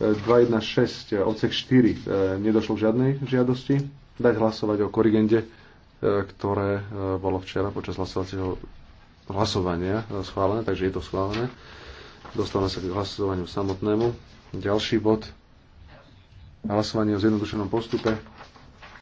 216 e, e, odsek 4 e, nedošlo k žiadnej žiadosti dať hlasovať o korigende, ktoré bolo včera počas hlasovacieho hlasovania schválené, takže je to schválené. Dostávame sa k hlasovaniu samotnému. Ďalší bod. Hlasovanie o zjednodušenom postupe